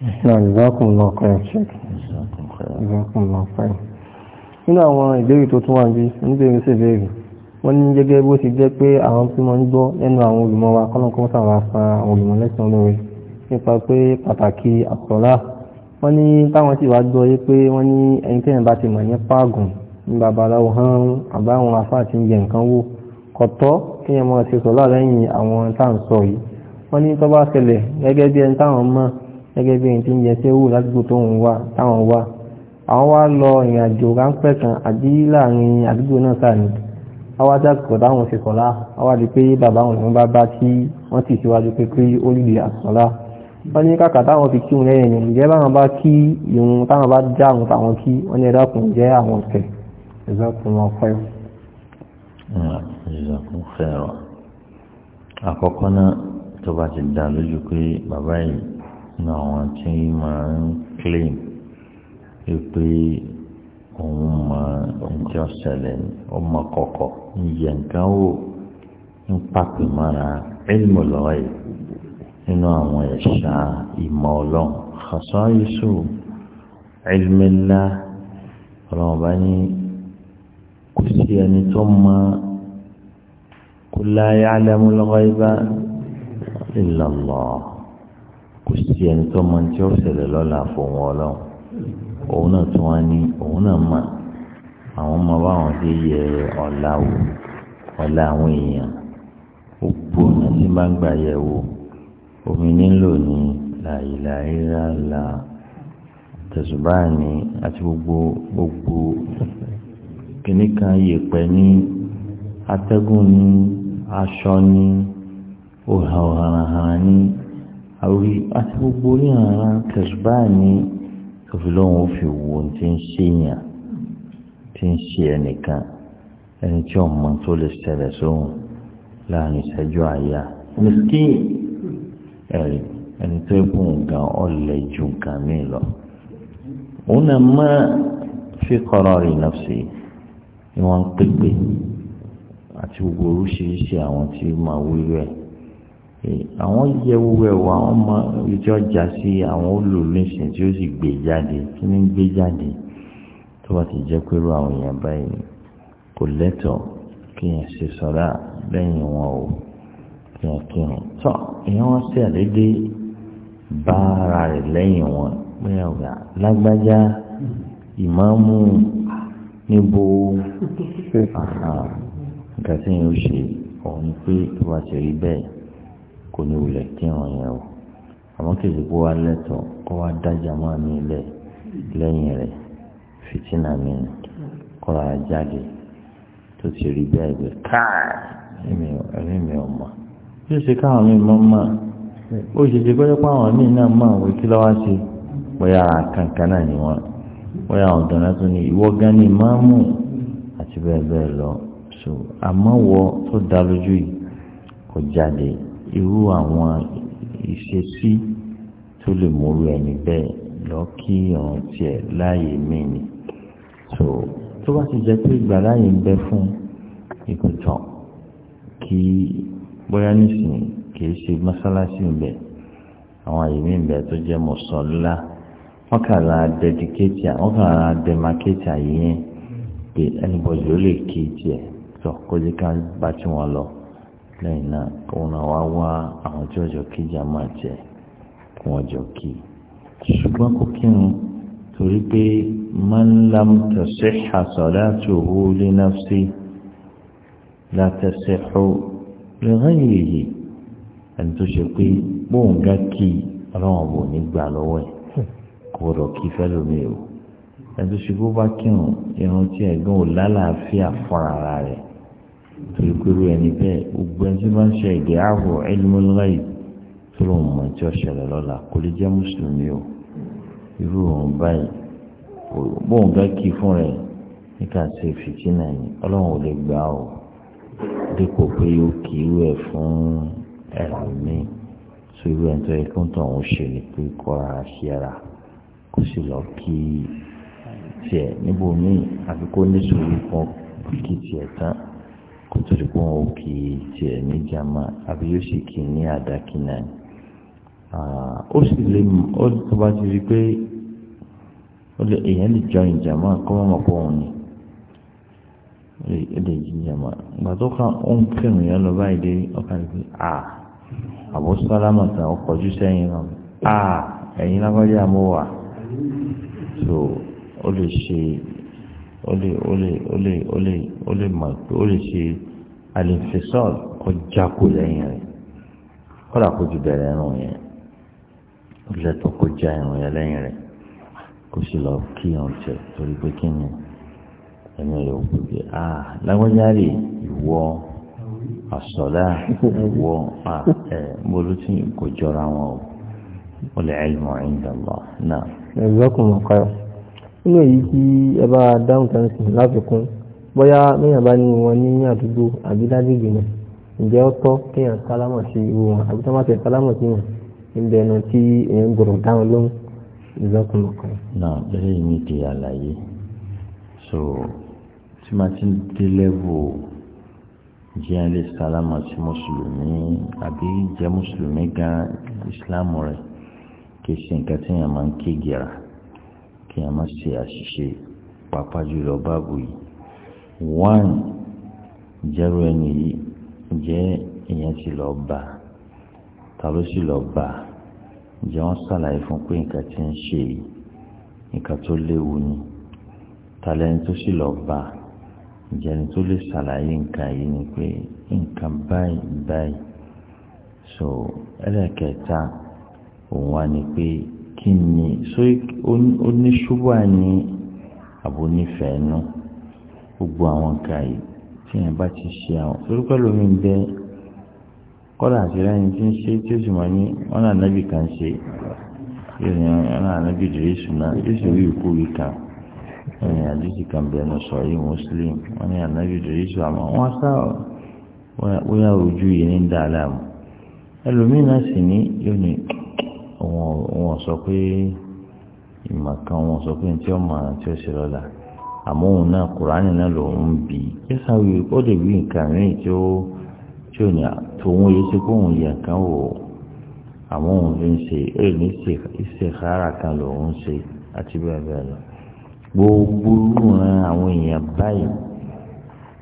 ìzákùn lọ kọ́ ẹ̀ṣẹ́ ìzákùn lọ kọ́ ẹ̀ nínú àwọn ìbéèrè tó tún wà bí níbèrè sí ìbéèrè wọ́n ní gẹ́gẹ́ bó ti jẹ́ pé àwọn tí wọ́n ń gbọ́ lẹ́nu àwọn olùmọ̀ wa kọ́lọ́kọ́ sàwọn afa àwọn olùmọ̀ lẹ́sìn olóore nípa pé pàtàkì àsọ̀lá wọ́n ní táwọn sì wá gbọ́ yé pé wọ́n ní ẹni tẹ́yìn bá ti mọ̀ ní páàgùn ní babaláwo hán àbáwọn afá àti ń yẹ nǹkan wò kọ̀tọ́ kéèyàn mọ̀ ṣe sọ̀lá lẹ́yìn àwọn táà sọ yìí wọ́n ní tó bá ṣẹlẹ̀ gẹ́gẹ́ bí ẹni táwọn mọ̀ gẹ́gẹ́ bí ẹni tí ń yẹ sẹ́wù ládùúgbò tó ń wá táwọn wá àwọn wá lọ ìrìn àjò ráńpẹ́ kan àbí láàrin àdúgbò náà sáà ni àwa dákọ̀ táwọn ṣe sọ̀lá àwa di pé bàbá wọn lòún bá bá tí wọ́n ti síwájú pé pé ó lè àsọ̀lá wọ́n ní kàkà táwọn fi kírun lẹ́yìn ni ǹjẹ́ báwọn bá kí ìrun táwọn bá já àwọn táwọn kí wọ́n ní ẹ̀dá kùn jẹ́ àwọn ọ̀tẹ̀ ẹ̀dá kùn wọn fẹ́. ẹ̀dá àkọ́kọ́ náà tó bá ti dá lójú pé bàbá yìí ní àwọn tí máa ń claim pé òun mọ nǹkan ọ̀sẹ̀lẹ̀ ó mọ kọ̀kọ̀ ìyẹ̀ nǹkan wò ń pàpè mọ́ra ilmu lọ́ọ̀yì nínú àwọn ẹ̀ṣà ìmọ̀ ọlọ́run khasaisu ilmi Allah ọlọ́run bá ní kò sí ẹni tó mọ kó la ya'lamu al-ghayba illa Allah kò sí ẹni tó máa ń tí ó ṣẹlẹ̀ lọ́la fòun ọlọ́run òun náà tún wá ní òun náà mà àwọn ọmọ báwọn ṣe yẹ ọ̀la wò ọ̀la àwọn èèyàn gbogbo ọ̀nà tí bá ń gbà yẹ̀ wò omi nílò ní láìláì rárá tẹ̀sùbá àti gbogbo gbogbo kìnnìkan yèpẹ̀ ní atẹ́gùn ní aṣọ ní òhàn òhàn ní àwòrí àti gbogbo oníhàrán kẹsùbá ní òfìlọ́hún fi wò tí ń ṣe yàn tí ń ṣe ẹnìkan ẹni tí ọmọ tó lè ṣẹlẹ̀ sóhun láàrin ìṣẹ́jú àyà mìsíkì ẹ̀rí ẹni tó gùn gan ọ̀lẹ̀ ju nǹkan mi lọ. òun náà má fi kọ́rọ̀ rìn náà ni wọ́n ń pèpè àti gbogbo oríṣiríṣi àwọn tí máa wúlò ẹ̀ àwọn yẹ̀wò ẹwọ àwọn ọmọ ìtí ọjà sí àwọn olùlẹsìn tí ó sì gbé jáde kí ni gbé jáde tó bá ti jẹ́ pé irú àwọn èèyàn báyìí kò lẹ́tọ̀ọ́ kí yẹn ṣe sọlá lẹ́yìn wọn o kí yẹn kí yẹn tọ èèyàn wọn sì àdédé bá ara rẹ̀ lẹ́yìn wọn pé ọgá lágbájá ìmáàmù níbo nǹkan tí yẹn ó ṣe ọ̀hún pé tó bá ti rí bẹ́ẹ̀ kò ní wulẹ̀ kírun yẹn o àmọ́ kejì kó wa lẹ́tọ̀ kó wa dájà máa mi lẹ̀ lẹ́yìn rẹ̀ fìtínà mi nù kọ́ra jáde tó ti rí bí àgbẹ̀ káà ẹ̀mí mi ò mọ̀ bí ó ṣe káwọn mi mọ́ mọ́ ó ṣe ṣe gbọ́dọ̀ pé àwọn míì náà mọ̀ àwọn kí lọ́wọ́ ṣe bóyá kankan náà ni wọ́n bóyá àwọn ọ̀dọ́ náà ní ìwọ gan ni máàmù àti bẹ́ẹ̀ bẹ́ẹ̀ lọ so àmọ́ wọ tó dá lójú yìí kò jáde yìí irú àwọn ìṣesí tó lè múru ẹni bẹ́ẹ̀ lọ kí ọ̀ràn tiẹ̀ láàyè mí ni so tó bá ti jẹ́ pé ìgbà láàyè ń bẹ fún ìkùtàn kí bóyá nísìnyí kìí ṣe mọ́sálásí ń bẹ àwọn àyè mí ń bẹ tó jẹ́ mọ̀sánlá wọ́n kà ra dẹ́díkétì wọ́n kà ra dẹ́mákétì àyè yẹn pé ẹnìbọ̀dì ó lè kí tiẹ̀ tó kó jẹ́ ká bá tí wọ́n lọ lẹ́yìn náà kó náà wá wá àwọn tí ọjọ́ kí jàmáà jẹ kó wọn jọ kí ṣùgbọ́n kó kírun torí pé man lam tasihha salatuhu li nafsi la tasihhu li ghayrihi ẹni tó ṣe pé bóun kí ọlọ́wọ́n bò ní gbà lọ́wọ́ ẹ̀ kó rọ̀ kí fẹ́lómi o ẹni tó ṣe kó bá kírun irun tí ẹ̀gbọ́n ò lálàáfíà fúnra rẹ̀ torí pẹ̀lú ẹni bẹ́ẹ̀ gbogbo ẹni tí wọ́n ń ṣe ìdè ààbò ilmul ghaib tó lóun mọ̀ tí ó ṣẹlẹ̀ lọ́la kò lè jẹ́ mùsùlùmí o irú òun báyìí bóun gá kí fún rẹ̀ nígbà tí fìtínà ni ọlọ́run ò lè gbà o dípò pé ó kì í wẹ̀ fún ẹ̀mí tó irú ẹni tó yẹ kó ń tọ̀ ọ̀hún ṣe ni pé kọ́ ara ṣe ara kó sì lọ kí tiẹ̀ níbo míì àfi kó kan kí tiẹ̀ tán kò tó di pé wọn ò kì í tiẹ̀ ní jama àbí yóò sì kì í ní àdákì náà ah, ó sì lè ó tó bá ti rí pé ó lè èèyàn lè jọ ìjàmá kọ́ mọ́ pọ̀ òun ni ó lè jí ìjàmá ìgbà tó kàn ó ń kírun yẹn lọ báyìí dé ọkàn rí pé à àbó sálámà tán ó kọjú sẹ́yìn náà à ẹ̀yin lágbájá mo wà so ó lè ṣe ó lè ó lè ó lè ó lè ó lè mọ̀ pé ó lè ṣe àlìfisọ́ọ̀l kọjá kó lẹ́yìn rẹ̀ kọ́dà kó ju bẹ̀rẹ̀ ẹ̀rùn yẹn ó lẹ́tọ̀ kọjá ẹ̀rùn yẹn lẹ́yìn rẹ̀ kó sì lọ kí ẹ̀rùn tẹ̀ torí pé kí ni ẹ̀mí rẹ̀ ó gbé a ah, lágbájáre ìwọ àsọ̀lá ìwọ ẹ̀ mọ́lútì kò jọra wọn o wọ́n lè ẹ̀yìn mọ́ ẹ̀yìn dàgbà náà. ẹ̀rọ kùnú kọ́ inú èyí tí ẹ bá dáhùn tán láfikún bóyá lẹ́yìn bá ní wọn ní àdúgbò àbí lágbègbè náà ǹjẹ́ ó tọ́ kéèyàn sálámọ̀ sí irú wọn àbí tó má tẹ̀ sálámọ̀ sí wọn níbi ẹnu tí èèyàn gbọ́dọ̀ dáhùn lóhùn ìlọ́kùnrin kan. náà bẹ́ẹ̀ yìí di àlàyé so tí máa ti dé lẹ́wù jẹ́ alẹ́ sálámà sí mùsùlùmí àbí jẹ́ mùsùlùmí gan ìsìláàmù rẹ̀ kì í ṣe nǹkan tí èèyàn máa ń ké gìrà ṣe àṣìṣe pàápàá jùlọ báàbù yìí one jẹ́rú ẹni yìí jẹ́ èèyàn sì lọ bá ta ló sì lọ bá jẹ́ wọ́n ṣàlàyé fún pé nǹkan tí ń ṣe yìí nǹkan tó léwu ni talẹ́ni tó sì lọ bá jẹ́ni tó lè ṣàlàyé nǹkan yìí ni pé nǹkan báyìí báyìí so ẹlẹ́kẹta òun wá ni pé kí ni so ó ní ṣubú àní àbónífẹ̀ẹ́ náà gbogbo àwọn nǹkan yìí tí yẹn bá ti ṣe àwọn torí pẹ́lú mi ń bẹ kọ́lá àti lẹ́yìn tí ń ṣe tí ó sì máa ní wọn náà nábì kan ṣe ìrìn wọn náà nábì dèrè ìṣúná yóò sì rí ìkú rí kan ìrìn àdìsí kan bẹnu sọ yìí mùsùlùm wọn ní ànábì dèrè ìṣúná àmọ́ wọn sá bóyá ojú yìí ní dá aláàmù ẹlòmíín náà sì ní yóò ní wọn sọ pé ìmọ̀ kan wọn sọ pé ní tí ó mọ̀ àti ó ṣe lọ́la àmóhun náà kùránì náà ló ń bì í kí sáwé ó lè wí nǹkan rìn tí ó tí ò ní tòun yìí sí kó òun yẹ nǹkan wò àmóhun fi ń ṣe èrè ní ìṣèkára kan ló ń ṣe àti bẹ́ẹ̀ bẹ́ẹ̀ lọ gbogbo ìran àwọn èèyàn báyìí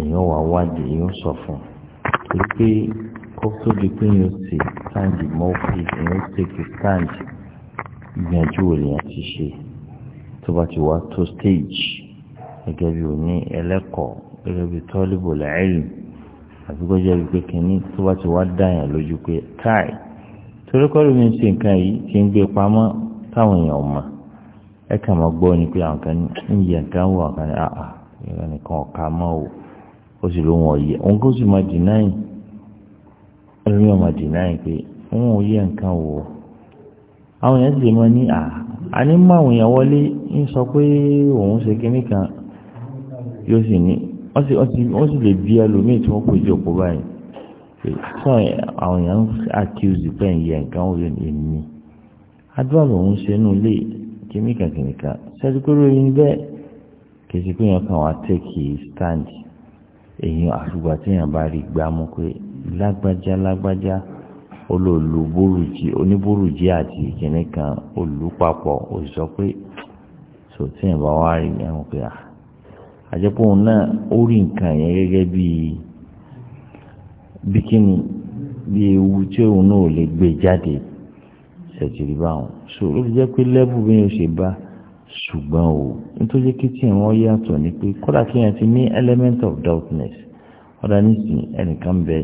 èèyàn wà wádìí èèyàn sọ fún un pé kó tó di pé èèyàn ṣe káàdì mọ́ọ̀kì èèyàn ṣe kí káàdì ìgbìyànjú èèyàn ti ṣe tó bá ti wá tó stage. gẹ́gẹ́ bí òní ẹlẹ́kọ̀ọ́ gẹ́gẹ́ bí tọ́líbù làálù àfi kó jẹ́ wípé kìíní tó bá ti wá dáyàn lójú pé táì torí kọ́lù mi ń ṣe nǹkan yìí kí n gbé pamọ́ táwọn èèyàn mọ̀ ẹ kàn máa gbọ́ ni pé àwọn kan ń yẹ nǹkan wò àwọn kan ní àà nìkan ọ̀ka mọ́ o ó sì ló wọ̀n yẹ òun kó sì máa máa pé ò yẹ yóò sì ní wọ́n sì wọ́n sì lè bí ẹlòmíì tí wọ́n péjọ pọ̀ báyìí sọ àwọn èèyàn ń accuse bẹ́ẹ̀ yẹ nǹkan òye èmi adúlá lòun ṣe nù lé kíní kàkìnìkà sẹ́dúkúrò yín bẹ́ẹ̀ kìsì pé yẹn kàn wá tẹ́kì stand èèyàn àfùgbà téèyàn bá rí gbámú pé lágbájá lágbájá olóòlù bórùjì oníbórùjì àti ìkíní kan olùpapọ̀ òṣìṣọ́ pé sọ téèyàn bá wá rí ẹ̀hún pé à. Ah, àjẹpọ̀ òun náà ó rí nǹkan yẹn gẹ́gẹ́ bíi bíkíni bí ewu tí òun náà ò lè gbé jáde ṣètìlì báwọn so ló fi jẹ́ pé lẹ́bù bí yóò ṣe bá ṣùgbọ́n o nítorí kí tí wọ́n yàtọ̀ ni pé kódà kí yẹn ti ní element of doubtness ọ̀dà nísìnyí ẹnìkan bẹ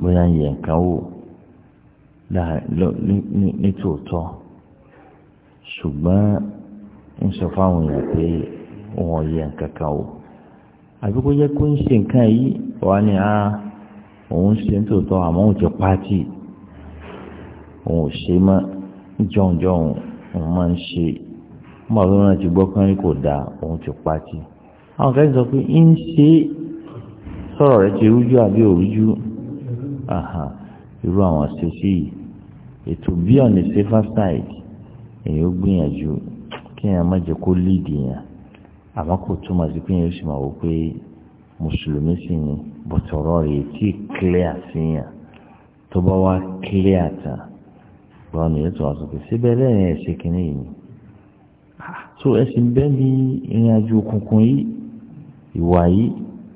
bóyá ń yẹ nǹkan wò nítòótọ́ ṣùgbọ́n ń sọ fáwọn èèyàn pé wọn ò yẹ kankan o àbí kó yẹ kó ń ṣe nǹkan yìí wà ní a ah, òun ṣe ń tòótọ́ àmọ́ òun ti pàtì òun ò ṣe mọ́ jọ̀ǹjọ̀ǹ òun máa ń ṣe ti kò òun ti pàtì àwọn kan sọ pé ń ṣe sọ̀rọ̀ rẹ ti rújú àbí òrújú irú àwọn ṣe yìí ètò bí ọ̀nà safer side èyí ó gbìyànjú kí má jẹ́ kó yẹn. àmọ́ kò túmọ̀ sí pé yẹn sì máa wò pé mùsùlùmí sì ni bọ̀tọ̀rọ̀ rẹ̀ tí clear síyàn tó bá wá clear tán gbọ́n ní ètò àṣọ pé síbẹ̀ lẹ́yìn ẹ̀sìn kìíní yìí ni tó ẹ̀sìn bẹ́ẹ̀ ni ìrìn àjò òkùnkùn yìí ìwà yìí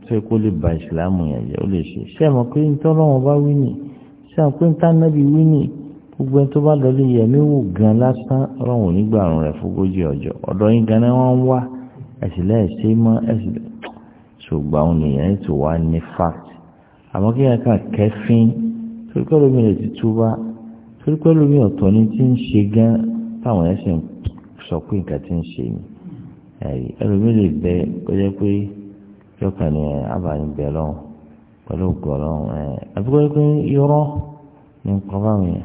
tó yẹ kó lè ba ìsìlámù yẹn jẹ́ ó lè ṣe ṣé ẹ mọ̀ pé ntọ́lọ́wọ́n bá wí nì ṣé ẹ pé ntánẹ́bí wí nì gbogbo ẹni tó bá lọ lé yẹmí wò gan lásán ọlọ́run ò ní gbà àrùn rẹ̀ fógójì ọjọ́ ọ̀dọ́ yín gan náà wọ́n ń wá ẹ̀sìlẹ̀ ẹ̀sẹ̀ mọ́ ẹ̀sìlẹ̀ ṣùgbọ́n àwọn èèyàn ti wá ní fact àmọ́ kí ẹ̀ka kẹfín torí pẹ́ lómi rẹ̀ ti túbá torí pẹ́ lómi ọ̀tọ̀ ni ti ń ṣe gan táwọn ẹ̀sìn sọ pé nǹkan ti ń ṣe ni ẹ̀rí ẹlòmí lè bẹ ó jẹ́ pé yọkàn ní abàní bẹ̀ lọ́wọ́ pẹ̀lú ògùn ọlọ́run ẹ̀ pé irọ́ ní nǹkan báwọn yẹn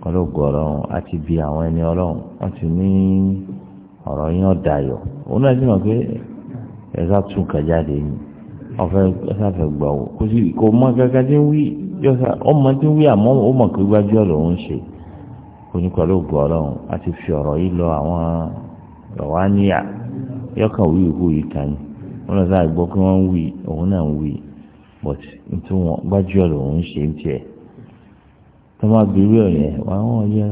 pẹ̀lú ògùn àti bí àwọn ẹni ọlọ́run wọ́n ti ní ọ̀rọ̀ yín ọ̀dà yọ̀ òun náà ti mọ̀ pé ẹ̀sà tún kàjáde ni ọ̀fẹ́ ẹ̀sà fẹ́ gbà ó kò sí kò mọ kankan tí ń wí ọmọ tí ń wí àmọ́ ó mọ̀ pé gbájú ọ̀rọ̀ òun ṣe onípẹ̀lú ògùn ọlọ́run a ti fi ọ̀rọ̀ yìí lọ àwọn lọ́wọ́ níyà yọkàn wí ìkú yìí kan ni wọn lọ sáà gbọ́ pé wọ́n ń wí òun náà ń wí but ntí wọn gbájú ọ̀rọ̀ òun ṣe ń tiẹ̀ tó máa bèrè ọ̀yẹ́ yẹ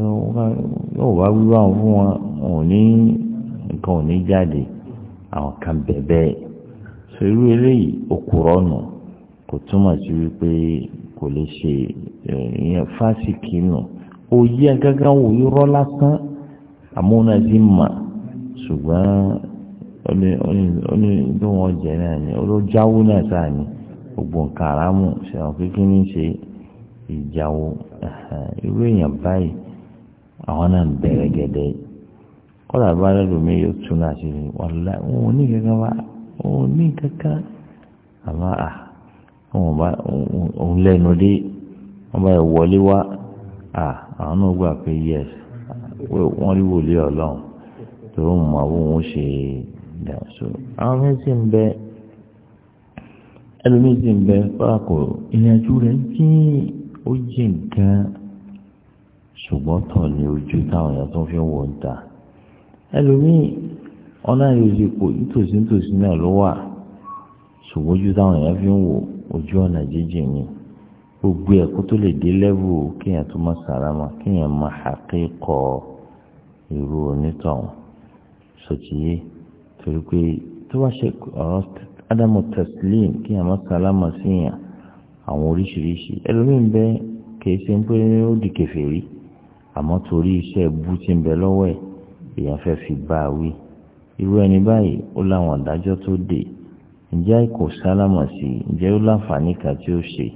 wọn wá wíwá fún wọn òun ní. nǹkan ò ní jáde àwọn kan bẹ̀bẹ̀ so irú eléyìí òkúrọ̀ nù kò túmọ̀ sí wípé kò lè ṣe ìyẹn fásitì nù òye agágá wò irọ́ lásán àmúna mà ṣùgbọ́n onídùn wọn jẹ náà ni olójáwó náà sáà ni gbogbo nǹkan kékeré ní ṣe ìjáwó irú èèyàn báyìí àwọn náà bẹ̀rẹ̀ gẹ̀dẹ̀ kọ́lá bá lẹ́lòmí yóò tún náà wàlá òun ní kankan wá òun ní kankan àmọ́ à òun bá òun lẹ́nu dé wọ́n bá wọlé wá à àwọn náà gbà pé yẹs wọ́n rí wòlé ọlọ́run tó ń mọ àwọn òun ṣe dà so àwọn mi sì ń bẹ ẹlòmí sì ń bẹ pàákọ̀ ìrìnàjò rẹ̀ jí ó jí nǹkan ṣùgbọ́n tọ̀ ní ojú táwọn èèyàn tó fi wọ̀ ń ta ẹlòmíì ọ̀nà ìyípo nítòsí nítòsí náà ló wà ṣùgbọ́n ojú táwọn èèyàn fi ń wò ojú ọ̀nà jíjìn ni gbogbo ẹ̀ kó tó lè dé lẹ́wù kéèyàn tó máa sàrámà kéèyàn máa hàké kọ irú onítọ̀hún sọ̀tìyé torí pé tó bá ṣe ọ̀rọ̀ ádámù tẹ̀sílìm kéèyàn máa sàrámà síyàn àwọn oríṣiríṣi ẹlòmíì bẹ́ẹ̀ kèé ṣe ń pé ó di kèfèrí àmọ́ torí iṣẹ́ bú ti ń bẹ lọ́wọ́ ẹ̀ èèyàn fẹ́ fi bá a wí irú ẹni báyìí ó láwọn àdájọ́ tó dé ǹjẹ́ àìkò sálámà sí ǹjẹ́ ó láǹfààní kan tí ó ṣe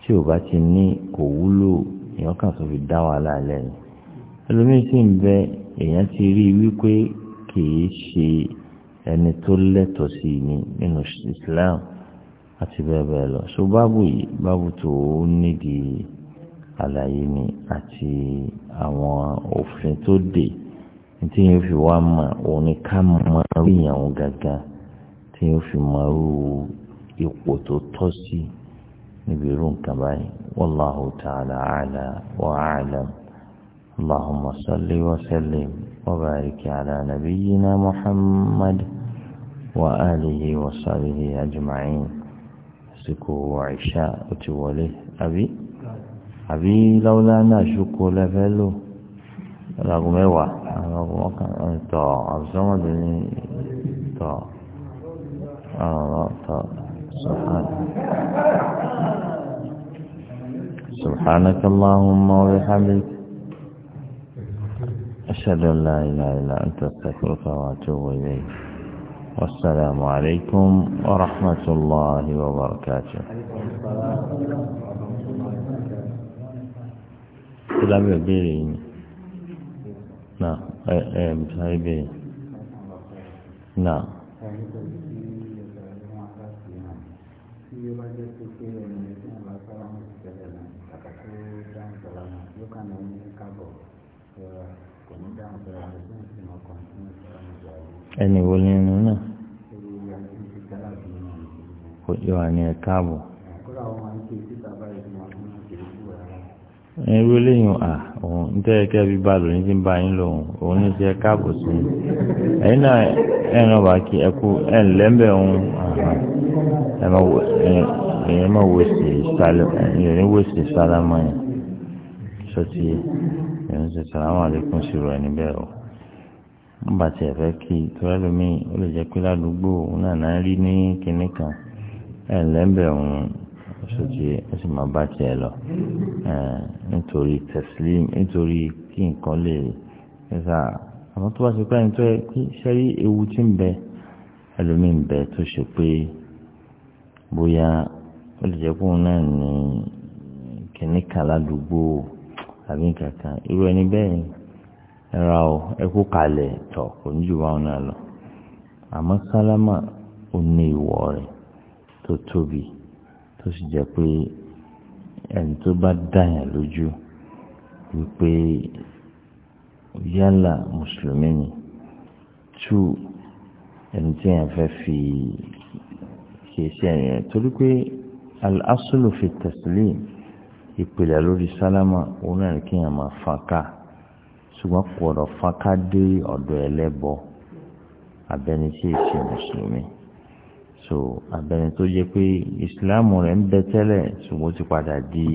tí ò bá ti ní kò wúlò èèyàn kàn tó fi dá wàhálà lẹ́nu ẹlòmíín sì ń bẹ èèyàn ti rí i wípé kìí ṣe ẹni tó lẹ́tọ̀ọ́ sí i ní nínú Islam àti bẹ́ẹ̀ bẹ́ẹ̀ lọ so báàbù yìí báàbù tó nídìí àlàyé ni àti àwọn òfin tó dé tí yóò fi wá mọ̀ òun ni ká mọ irú ìyàwó gangan tí yóò fi mọ irú ipò tó tọ́ sí níbi irú nǹkan báyìí wallahu ta'ala a'la wa a'lam allahumma salli wa sallim wa barik ala nabiyyina muhammad wa alihi wa sahbihi ajma'in àsìkò àìṣà ó ti wọlé àbí àbí وكان تا عظمة دني تا تا سبحان سبحانك اللهم وبحمدك أشهد أن لا إله إلا أنت أستغفرك وأتوب إليك والسلام عليكم ورحمة الله وبركاته Kí lábẹ́ ìbéèrè نعم بسعيبي نعم ẹni wo ni inú náà kò jọ àní ẹ̀ káàbọ̀ irú eléyìn à òun ń tẹ́ ẹ̀kẹ́ bí bá lòun ti ń bá yín lòun òun ní tiẹ̀ káàbọ̀ sí i ẹ̀yin náà ẹ̀ ń rọ̀bà kí ẹ̀kú ẹ̀ ń lẹ́ńbẹ̀ òun ẹ̀yìn máa wòsì ìsàlẹ̀ wòsì sálámà yẹn sọtí ẹ̀yìn sọ sàlámà lẹ́kùn sírò ẹni bẹ́ẹ̀ o ń bàtí ẹ̀fẹ́ kí tọ́lá lómi ó lè jẹ́ pé ládùúgbò òun náà náà rí ní kinní kan ẹ̀ ń òun sóti ó sì máa bá tiẹ̀ lọ nítorí tẹ̀sílìm nítorí kí nǹkan lè ẹ̀sà àwọn tó bá ṣe pé ẹni tó yẹ kí sẹ́rí ewu tí ń bẹ ẹlòmíì ń bẹ tó ṣe pé bóyá ó lè jẹ́ pé òun náà ní kìnní kan ládùúgbò àbí nǹkan kan irú ẹni bẹ́ẹ̀ ẹ̀ra o ẹkú kalẹ̀ tọ̀ kò ní jù báwọn náà lọ àmọ́ sálámà ó ní ìwọ rẹ̀ tó tóbi tó sì jẹ́ pé ẹni tó bá dàyàn lójú wípé yálà mùsùlùmí ni tù ẹni tí yẹn fẹ́ fi kèsì ẹ̀yẹn torí pé al-aslu fi taslim ìpìlẹ̀ lórí sálámà òun náà kí yẹn máa faka ṣùgbọ́n kò ọ̀rọ̀ faka dé ọ̀dọ̀ ẹlẹ́bọ abẹ́ni tí èsì mùsùlùmí. so abẹni tó yẹ pé ìsìláàmù rẹ̀ ń bẹ tẹ́lẹ̀ ṣùgbọ́n ti padà di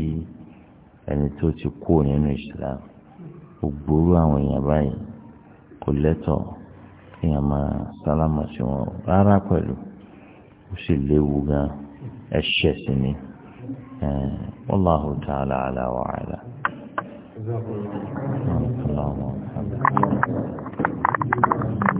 ẹni tó ti kú nínú ìsìláàmù ògbóró àwọn èèyàn báyìí kò lẹ́tọ̀ kí èèyàn máa sálámà sí wọn rárá pẹ̀lú ó sì léwu gan ẹ̀ṣẹ̀ sí ni wallahu ta'ala ala wa ala.